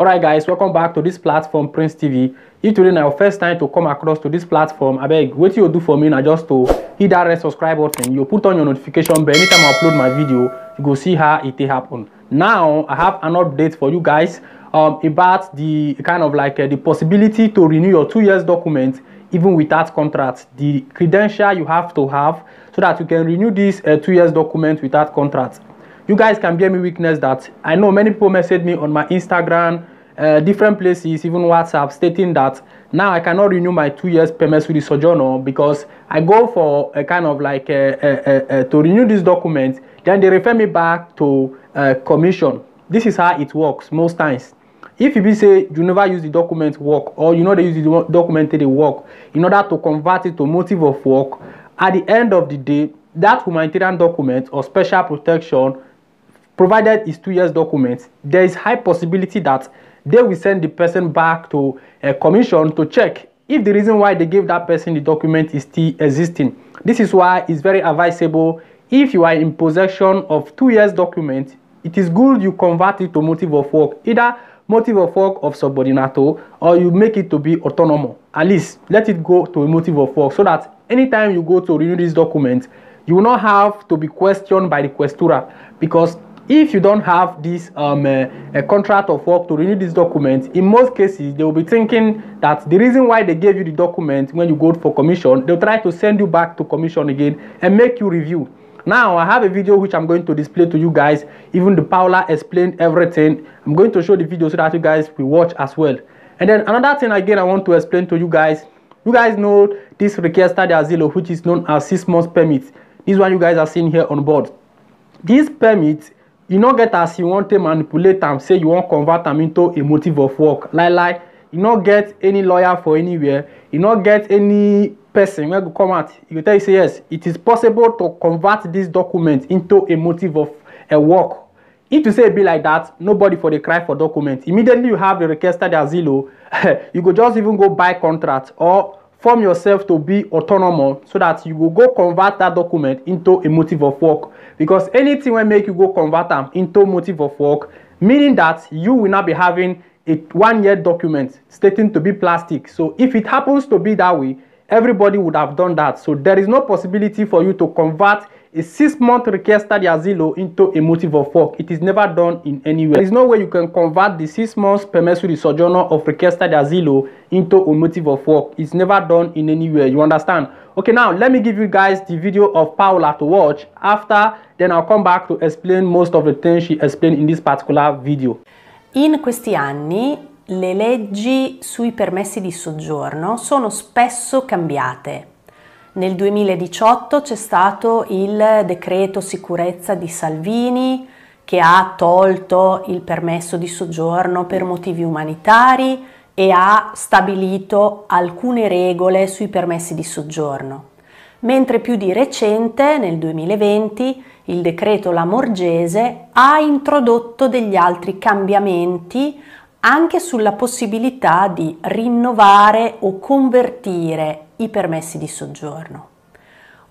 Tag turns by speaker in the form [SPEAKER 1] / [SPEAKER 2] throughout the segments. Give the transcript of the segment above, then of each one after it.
[SPEAKER 1] alright guys welcome back to this platform prince tv if today na your first time to come across to this platform I beg what you do for me now just to hit that red subscribe button you put on your notification bell anytime i upload my video you go see how it take happen now i have an update for you guys um, about the kind of like uh, the possibility to renew your two years document even without contract the credential you have to have so that you can renew this uh, two years document without contract you guys can bear me witness that i know many people message me on my instagram uh, different places, even WhatsApp, stating that now I cannot renew my two years permit with the sojourner because I go for a kind of like a, a, a, to renew this document, then they refer me back to uh, commission. This is how it works most times. If you be say you never use the document work or you know they use the document to work in order to convert it to motive of work, at the end of the day, that humanitarian document or special protection provided is two years document, there is high possibility that they will send the person back to a commission to check if the reason why they gave that person the document is still existing. This is why it's very advisable if you are in possession of two years document, it is good you convert it to motive of work, either motive of work of subordinato or you make it to be autonomous. At least let it go to a motive of work so that anytime you go to renew this document, you will not have to be questioned by the questura because if you don't have this um, eh, a contract of work to renew this document in most cases they will be thinking that the reason why they gave you the document when you go for commission they'll try to send you back to commission again and make you review now i have a video which i'm going to display to you guys even the paula explained everything i'm going to show the video so that you guys will watch as well and then another thing again i want to explain to you guys you guys know this requested asilo which is known as six months permit this one you guys are seeing here on board this permit e no get as you wan take manipulate am say you wan convert am into a motive of work Lie, lie. e no get any lawyer for anywhere e no get any person wey go come out e go tell you say yes it is possible to convert this document into a motive of a work if you say e be like that nobody for dey cry for document immediately you have the requested asilo you go just even go buy contract or form yourself to be autonomous so that you go go convert that document into a motive of work because anything wey make you go convert am into motive of work meaning that you will now be having a one year document stating to be plastic so if it happens to be that way everybody would have done that so there is no possibility for you to convert A six-month requested asilo into a motive of work. It is never done in any way. There is no way you can convert the six months permissive sojourner of requested asilo into a motive of work. It's never done in any way. You understand? Okay, now let me give you guys the video of Paola to watch. After, then I'll come back to explain most of the things she explained in this particular video.
[SPEAKER 2] In questi anni, le leggi sui permessi di soggiorno sono spesso cambiate. Nel 2018 c'è stato il decreto sicurezza di Salvini che ha tolto il permesso di soggiorno per motivi umanitari e ha stabilito alcune regole sui permessi di soggiorno. Mentre più di recente, nel 2020, il decreto Lamorgese ha introdotto degli altri cambiamenti anche sulla possibilità di rinnovare o convertire i permessi di soggiorno.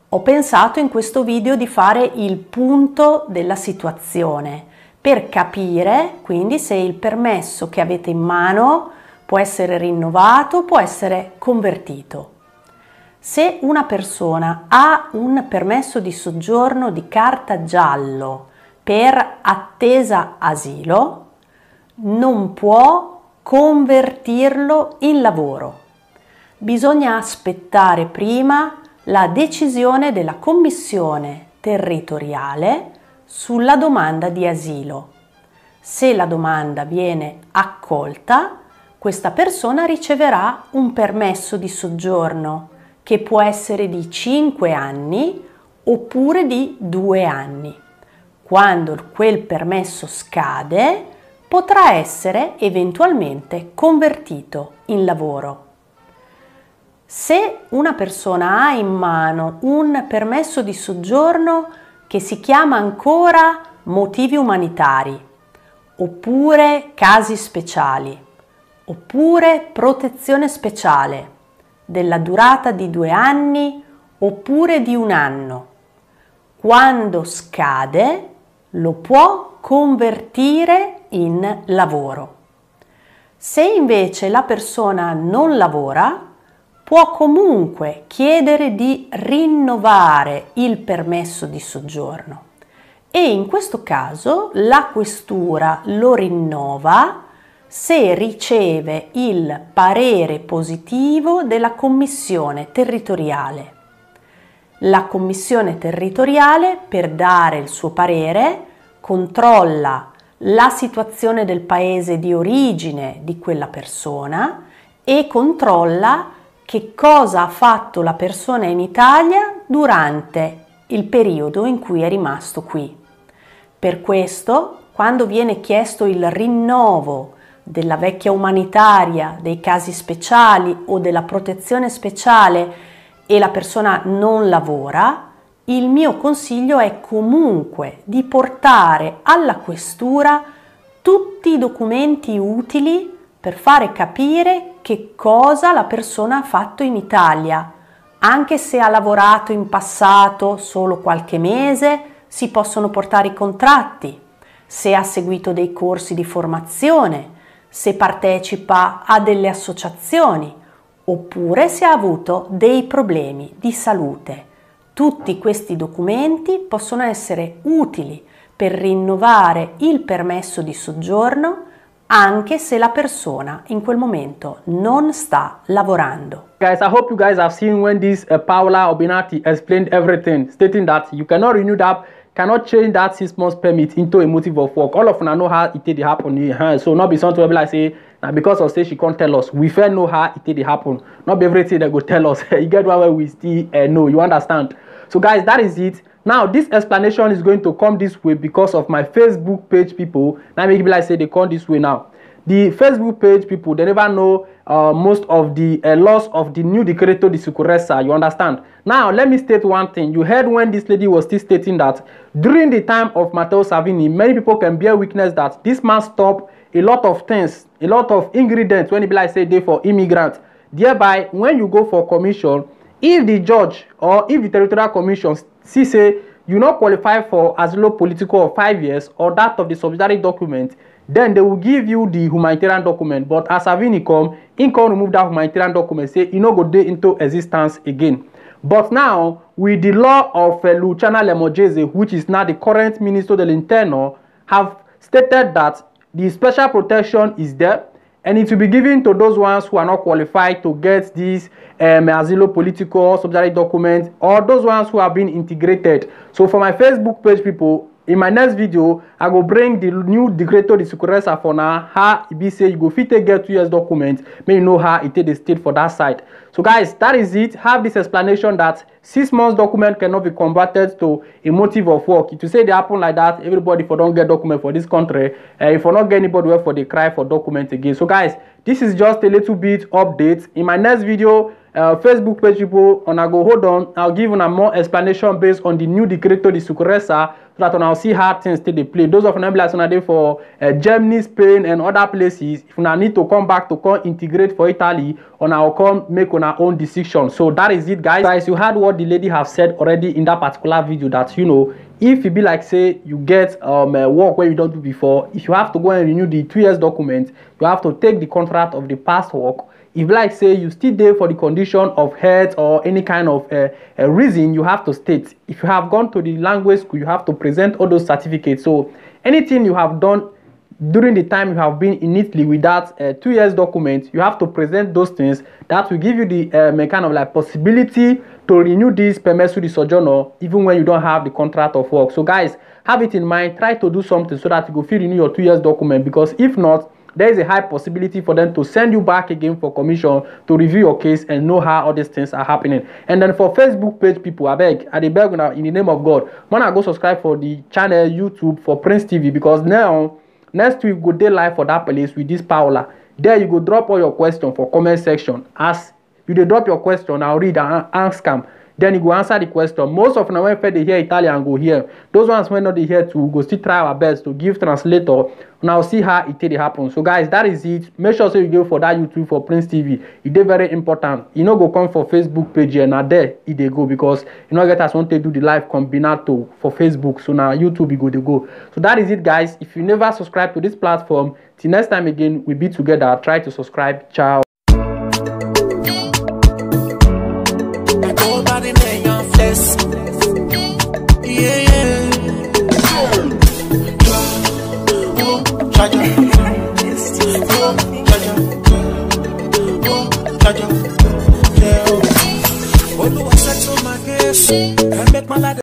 [SPEAKER 2] Ho pensato in questo video di fare il punto della situazione per capire quindi se il permesso che avete in mano può essere rinnovato, può essere convertito. Se una persona ha un permesso di soggiorno di carta giallo per attesa asilo, non può convertirlo in lavoro bisogna aspettare prima la decisione della Commissione territoriale sulla domanda di asilo. Se la domanda viene accolta, questa persona riceverà un permesso di soggiorno che può essere di 5 anni oppure di 2 anni. Quando quel permesso scade, potrà essere eventualmente convertito in lavoro. Se una persona ha in mano un permesso di soggiorno che si chiama ancora motivi umanitari, oppure casi speciali, oppure protezione speciale, della durata di due anni oppure di un anno, quando scade lo può convertire in lavoro. Se invece la persona non lavora, può comunque chiedere di rinnovare il permesso di soggiorno e in questo caso la questura lo rinnova se riceve il parere positivo della commissione territoriale. La commissione territoriale per dare il suo parere controlla la situazione del paese di origine di quella persona e controlla che cosa ha fatto la persona in Italia durante il periodo in cui è rimasto qui. Per questo, quando viene chiesto il rinnovo della vecchia umanitaria, dei casi speciali o della protezione speciale e la persona non lavora, il mio consiglio è comunque di portare alla questura tutti i documenti utili per fare capire che cosa la persona ha fatto in Italia. Anche se ha lavorato in passato solo qualche mese, si possono portare i contratti, se ha seguito dei corsi di formazione, se partecipa a delle associazioni, oppure se ha avuto dei problemi di salute. Tutti questi documenti possono essere utili per rinnovare il permesso di soggiorno anche se la persona in quel momento non sta lavorando.
[SPEAKER 1] Guys, I hope you guys have seen when this uh, Paola Obinati explained everything, stating that you cannot renew that cannot change that six months permit into a motive of work all of una know how e take happen here eh, huh? so no be something wey be like say na because of say she come tell us we first know how e take dey happen no be everything dem go tell us e get one way we still uh, know you understand so guys that is it now this explanation is going to come this way because of my facebook page people Now, make e be like say they come this way now the facebook page people they never know uh, most of the uh, loss of the new decreto de sucuresa you understand now let me state one thing you heard when this lady was still stating that during the time of matteo savini many people can bear witness that this man stop a lot of things a lot of ingredients when e be like say they for immigrants. thereby when you go for commission if the judge or if the territorial commission See, say you no qualify for asilo politico of five years or that of the subsidiary document then they will give you the humanitarian document but as avini come im come remove that humanitarian document say e no go dey into existence again but now with the law of uh, luciana lemojeze which is now the current minister del interno have stated that the special protection is there and it will be given to those ones who are not qualified to get this um, asilo political subsidiary document or those ones who have been integrated so for my facebook page people in my next video i go bring the new decreto the sucuresa for na how e be say you go fit take get two years document make you know how e take dey state for that side so guys that is it have this explanation that six months document cannot be converted to a motive of work To you say dey happen like that everybody for don get document for this country uh, if for not get anybody wey for dey cry for document again so guys this is just a little bit update in my next video uh, facebook page pipo I go hold on i'll give una more explanation based on the new decree to the sukuresa so that una see how things still dey play those of them, be like say for uh, germany spain and other places if una need to come back to come integrate for italy una go come make on our own decision so that is it guys guys you heard what the lady have said already in that particular video that you know if e be like say you get um, uh, work wey you don do before if you have to go and renew the two years document you have to take the contract of the past work if like say you still dey for the condition of health or any kind of uh, uh, reason you have to state if you have gone to the language school you have to present all those certificates so anything you have done during the time you have been in Italy with that uh, two years document, you have to present those things that will give you the um, kind of like possibility to renew this permessory sojourner even when you don't have the contract of work. So guys, have it in mind, try to do something so that you go renew your two years document because if not, there is a high possibility for them to send you back again for commission to review your case and know how all these things are happening. And then for Facebook page people, I beg, I beg now in the name of God, man, I go subscribe for the channel YouTube for Prince TV because now next week go dey live for dat place with dis paola there you go drop all your question for comment section as you dey drop your question i will read and ask am then you go answer the question most of una wey first dey hear italian go hear those ones wey no dey hear too go still try our best to give translator una see how e take dey happen so guys that is it make sure say you go for that youtube for prince tv e dey very important e no go come for facebook page here na there e dey go because e no get as one take do the live combinato for facebook so na youtube e go dey go so that is it guys if you never subscribe to this platform till next time again we be together try to subscribe ciao.